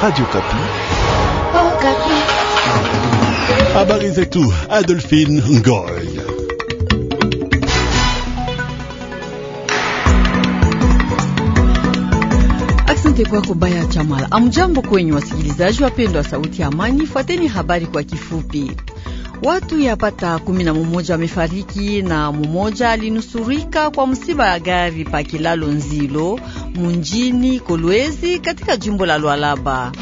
Radio Kapi. Oh, Kapi. Habari zetu Adolphine Ngoy. Asante kwako Baya Chamala. Amjambo kwenye wasikilizaji wapendwa, Sauti ya Amani, fuateni habari kwa kifupi. Watu yapata kumi na mumoja wamefariki na mumoja alinusurika kwa msiba ya gari pa kilalo Nzilo munjini Kolwezi katika jimbo la Lwalaba.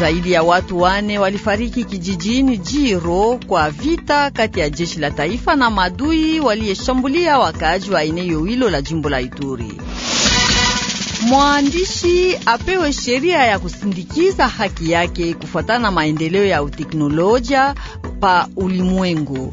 Zaidi ya watu wane walifariki kijijini Jiro kwa vita kati ya jeshi la taifa na madui waliyeshambulia wakaaji wa eneo hilo la jimbo la Ituri mwandishi apewe sheria ya kusindikiza haki yake kufuatana na maendeleo ya uteknolojia pa ulimwengu.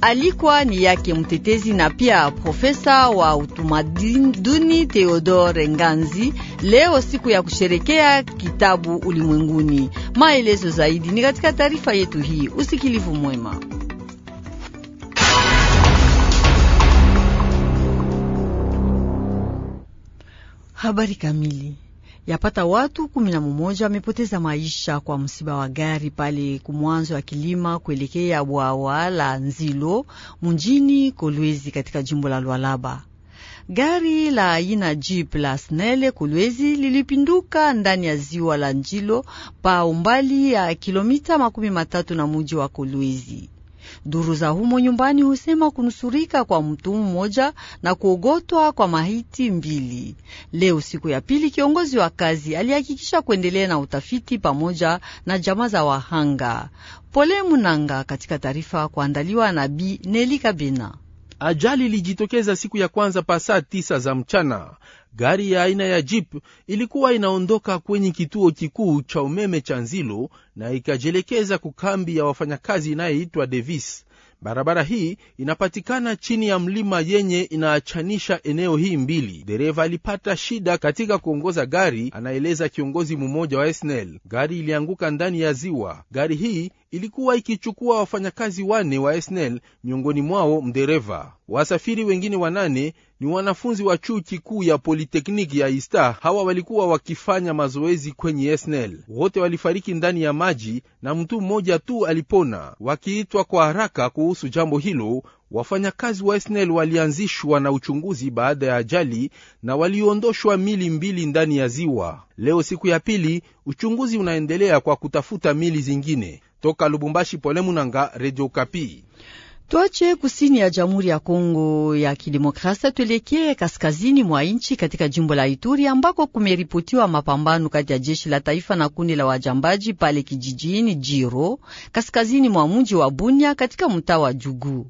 Alikuwa ni yake mtetezi na pia profesa wa utumaduni Theodore Nganzi, leo siku ya kusherekea kitabu ulimwenguni. Maelezo zaidi ni katika taarifa yetu hii. Usikilivu mwema. Habari kamili yapata watu kumi na mmoja wamepoteza maisha kwa msiba wa gari pale kumwanzo ya kilima kuelekea bwawa la Nzilo munjini Kolwezi katika jimbo la Lwalaba. Gari la aina jeep la Snele Kolwezi lilipinduka ndani ya ziwa la Njilo pa umbali ya kilomita makumi matatu na muji wa Kolwezi. Duru za humo nyumbani husema kunusurika kwa mtu mmoja na kuogotwa kwa mahiti mbili. Leo siku ya pili, kiongozi wa kazi alihakikisha kuendelea na utafiti pamoja na jamaa za wahanga. Pole Munanga katika taarifa kuandaliwa na Bi Neli Kabina. Ajali ilijitokeza siku ya kwanza pa saa tisa za mchana. Gari ya aina ya jeep ilikuwa inaondoka kwenye kituo kikuu cha umeme cha Nzilo na ikajielekeza kukambi ya wafanyakazi inayoitwa Davis. Barabara hii inapatikana chini ya mlima yenye inaachanisha eneo hii mbili. Dereva alipata shida katika kuongoza gari, anaeleza kiongozi mmoja wa SNEL. Gari ilianguka ndani ya ziwa. Gari hii ilikuwa ikichukua wafanyakazi wane wa snel miongoni mwao mdereva. Wasafiri wengine wanane ni wanafunzi wa chuo kikuu ya Politekniki ya Ista. Hawa walikuwa wakifanya mazoezi kwenye Esnel. Wote walifariki ndani ya maji na mtu mmoja tu alipona. Wakiitwa kwa haraka kuhusu jambo hilo, wafanyakazi wa snel walianzishwa na uchunguzi baada ya ajali na waliondoshwa mili mbili ndani ya ziwa. Leo siku ya pili, uchunguzi unaendelea kwa kutafuta mili zingine. Toka Lubumbashi, Pole Munanga, Radio Kapi. Tuache kusini ya Jamhuri ya Kongo ya Kidemokrasia, tuelekee kaskazini mwa nchi katika jimbo la Ituri ambako kumeripotiwa mapambano kati ya jeshi la taifa na kundi la wajambaji pale kijijini Jiro, kaskazini mwa mji wa Bunia katika mtaa wa Juguu.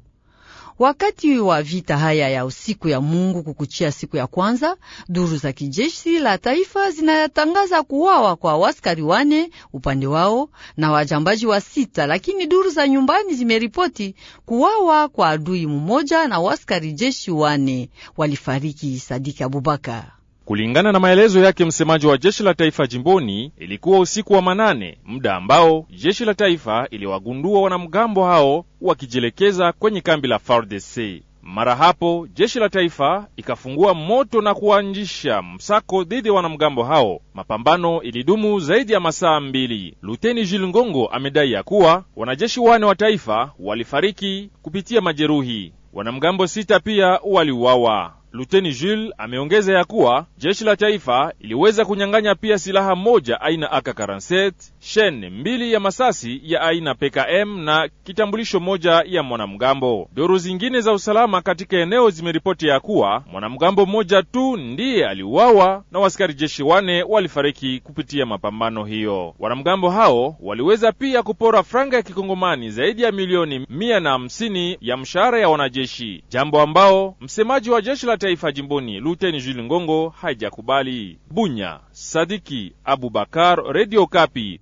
Wakati wa vita haya ya usiku ya Mungu kukuchia siku ya kwanza, duru za kijeshi la taifa zinatangaza kuwawa kwa waskari wane upande wao na wajambaji wa sita, lakini duru za nyumbani zimeripoti kuwawa kwa adui mmoja na waskari jeshi wane walifariki. Sadiki Abubakar Kulingana na maelezo yake msemaji wa jeshi la taifa jimboni, ilikuwa usiku wa manane, muda ambao jeshi la taifa iliwagundua wanamgambo hao wakijielekeza kwenye kambi la FARDC. Mara hapo jeshi la taifa ikafungua moto na kuanzisha msako dhidi ya wanamgambo hao. Mapambano ilidumu zaidi ya masaa mbili. Luteni Jil Ngongo amedai ya kuwa wanajeshi wane wa taifa walifariki kupitia majeruhi, wanamgambo sita pia waliuawa. Luteni Jules ameongeza ya kuwa jeshi la taifa iliweza kunyang'anya pia silaha moja aina AK47, shen mbili ya masasi ya aina PKM na kitambulisho moja ya mwanamgambo. Duru zingine za usalama katika eneo zimeripoti ya kuwa mwanamgambo mmoja tu ndiye aliuawa na waskari jeshi wane walifariki kupitia mapambano hiyo. Wanamgambo hao waliweza pia kupora franga ya kikongomani zaidi ya milioni mia na hamsini ya mshahara ya wanajeshi, jambo ambao msemaji wa jeshi la taifa jimboni Luteni Jules Ngongo haijakubali. Bunya, Sadiki Abubakar, Radio Kapi.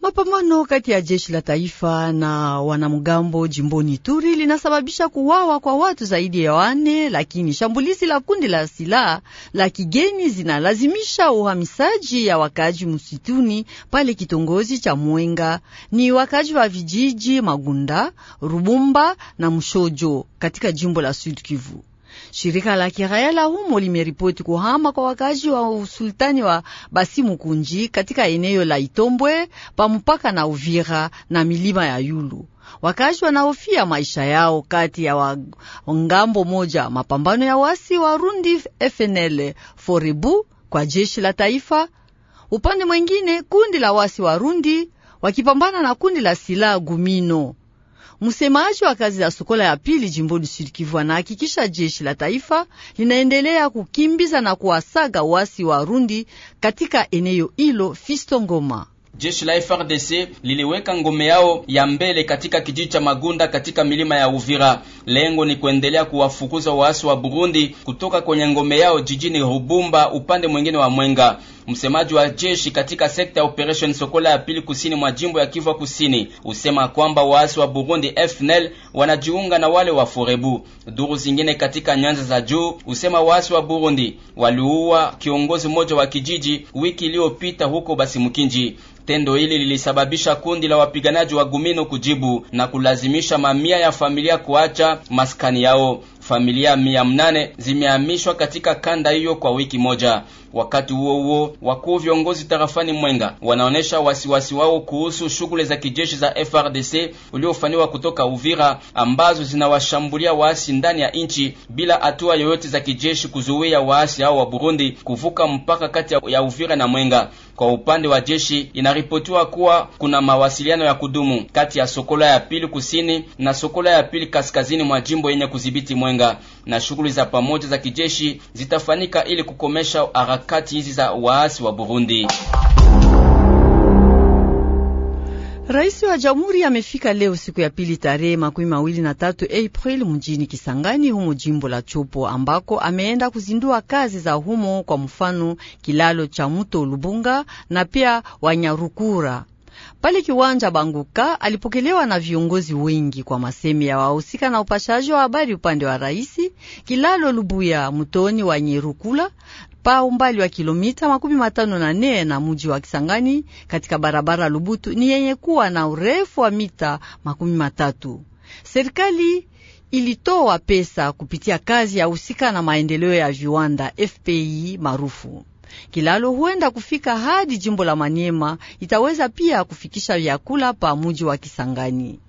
Mapambano kati ya jeshi la taifa na wanamgambo jimboni Turi linasababisha kuwawa kwa watu zaidi ya wane, lakini shambulizi la kundi la silaha la kigeni zinalazimisha uhamisaji ya wakaji msituni pale kitongozi cha Mwenga. Ni wakaji wa vijiji Magunda, Rubumba na Mshojo katika jimbo la Sud Kivu. Shirika la kiraia la humo limeripoti kuhama kwa wakazi wa usultani wa Basimu Kunji katika eneo la Itombwe pamupaka na Uvira na milima ya Yulu. Wakazi wanahofia maisha yao kati ya wangambo ngambo moja mapambano ya wasi wa Rundi FNL Forebu kwa jeshi la taifa, upande mwengine kundi la wasi wa Rundi wakipambana na kundi la silaha Gumino. Msemaji wa kazi ya Sokola ya pili jimboni Sud Kivu anahakikisha jeshi la taifa linaendelea kukimbiza na kuwasaga wasi wa Rundi katika eneo hilo. Fisto Ngoma. Jeshi la FRDC liliweka ngome yao ya mbele katika kijiji cha Magunda katika milima ya Uvira. Lengo ni kuendelea kuwafukuza waasi wa Burundi kutoka kwenye ngome yao jijini Rubumba upande mwingine wa Mwenga. Msemaji wa jeshi katika sekta ya operation Sokola ya pili kusini mwa jimbo ya Kivu Kusini usema kwamba waasi wa Burundi FNL wanajiunga na wale wa Forebu. Duru zingine katika nyanja za juu usema waasi wa Burundi waliua kiongozi mmoja wa kijiji wiki iliyopita huko Mkinji. Tendo hili lilisababisha kundi la wapiganaji wa Gumino kujibu na kulazimisha mamia ya familia kuacha maskani yao familia mia mnane zimehamishwa katika kanda hiyo kwa wiki moja. Wakati huo huo, wakuu viongozi tarafani Mwenga wanaonyesha wasiwasi wao kuhusu shughuli za kijeshi za FRDC uliofanywa kutoka Uvira, ambazo zinawashambulia waasi ndani ya nchi bila hatua yoyote za kijeshi kuzuia waasi hao wa Burundi kuvuka mpaka kati ya Uvira na Mwenga. Kwa upande wa jeshi, inaripotiwa kuwa kuna mawasiliano ya kudumu kati ya Sokola ya pili kusini na Sokola ya pili kaskazini mwa jimbo yenye kudhibiti Mwenga, na shughuli za pamoja za kijeshi zitafanyika ili kukomesha harakati hizi za waasi wa Burundi. Rais wa Jamhuri amefika leo siku ya pili tarehe makumi mawili na tatu April mjini Kisangani humo jimbo la Chopo ambako ameenda kuzindua kazi za humo, kwa mfano kilalo cha mto Lubunga na pia Wanyarukura. Pale kiwanja Banguka alipokelewa na viongozi wengi kwa masemi ya wahusika na upashaji wa habari upande wa raisi kilalo Lubuya mutoni wa Nyerukula pa umbali wa kilomita makumi matano na nne na muji wa Kisangani katika barabara Lubutu ni yenye kuwa na urefu wa mita makumi matatu. Serikali ilitoa pesa kupitia kazi ya husika na maendeleo ya viwanda FPI maarufu kilalo huenda kufika hadi jimbo la Manyema, itaweza pia kufikisha vyakula pa muji wa Kisangani.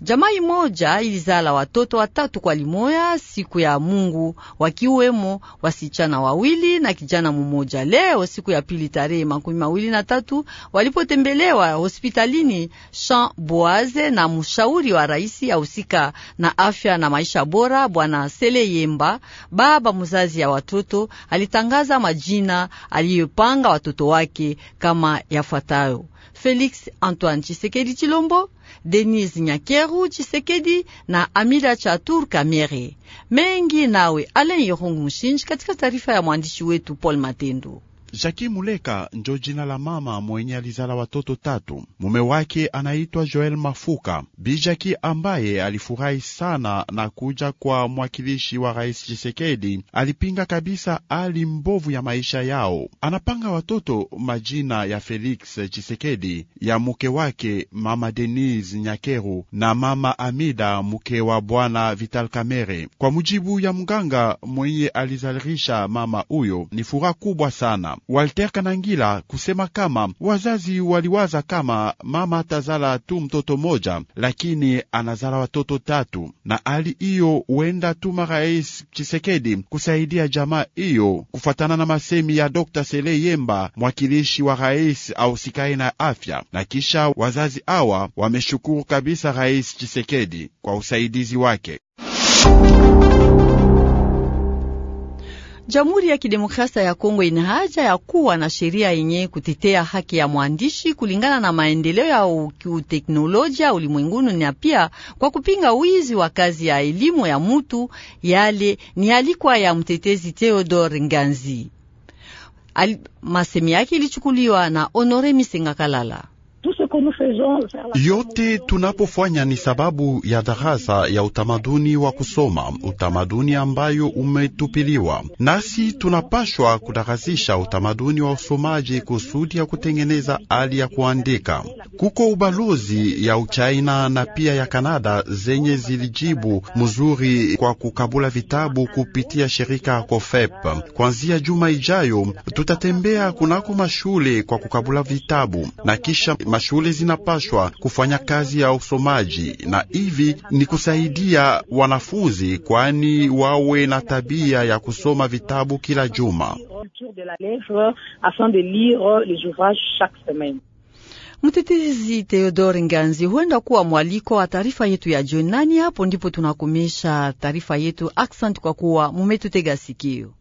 Jamaa imoja ilizala watoto watatu kwa limoya siku ya Mungu, wakiwemo wasichana wawili na kijana mmoja. Leo siku ya pili tarehe makumi mawili na tatu walipotembelewa hospitalini Jean Boaze na mshauri wa raisi ahusika na afya na maisha bora, bwana Seleyemba, baba mzazi ya watoto, alitangaza majina aliyopanga watoto wake kama yafuatayo: Felix Antoine Chisekedi Chilombo Denis Nyakeru Chisekedi na Amila Chatur Kamere. Mengi nawe Alen Irungu Mshinji katika taarifa ya mwandishi wetu Paul Matendo. Jackie Muleka njo jina la mama mwenye alizala watoto tatu. Mume wake anaitwa Joel Mafuka. Bi Jackie ambaye alifurahi sana na kuja kwa mwakilishi wa Rais chisekedi alipinga kabisa hali mbovu ya maisha yao. Anapanga watoto majina ya Felix chisekedi ya mke wake mama Denise Nyakeru na mama Amida, mke wa bwana Vital kamere Kwa mujibu ya mganga mwenye alizalisha mama huyo, ni furaha kubwa sana. Walter Kanangila kusema kama wazazi waliwaza kama mama atazala tu mtoto moja, lakini anazala watoto tatu, na hali hiyo huenda tuma Rais Chisekedi kusaidia jamaa hiyo, kufuatana na masemi ya Dr. Sele Yemba, mwakilishi wa rais ausikae na afya. Na kisha wazazi hawa wameshukuru kabisa Rais Chisekedi kwa usaidizi wake. Jamhuri ya Kidemokrasia ya Kongo ina haja ya kuwa na sheria yenye kutetea haki ya mwandishi kulingana na maendeleo ya kiuteknolojia ulimwenguni na pia kwa kupinga wizi wa kazi ya elimu ya mutu. Yale ni alikwa ya mtetezi Theodore Nganzi. Masemi yake ilichukuliwa na Honore Misenga Kalala yote tunapofanya ni sababu ya darasa ya utamaduni wa kusoma, utamaduni ambayo umetupiliwa, nasi tunapashwa kudarasisha utamaduni wa usomaji kusudi ya kutengeneza hali ya kuandika. Kuko ubalozi ya uchaina na pia ya Kanada zenye zilijibu mzuri kwa kukabula vitabu kupitia shirika COFEP. Kwanzia juma ijayo tutatembea kunako mashule kwa kukabula vitabu na kisha mashule zinapashwa kufanya kazi ya usomaji na hivi ni kusaidia wanafunzi, kwani wawe na tabia ya kusoma vitabu kila juma. Mtetezi Theodore Nganzi huenda kuwa mwaliko wa taarifa yetu ya jioni. Nani hapo ndipo tunakomesha taarifa yetu. Aksanti kwa kuwa mumetutega sikio.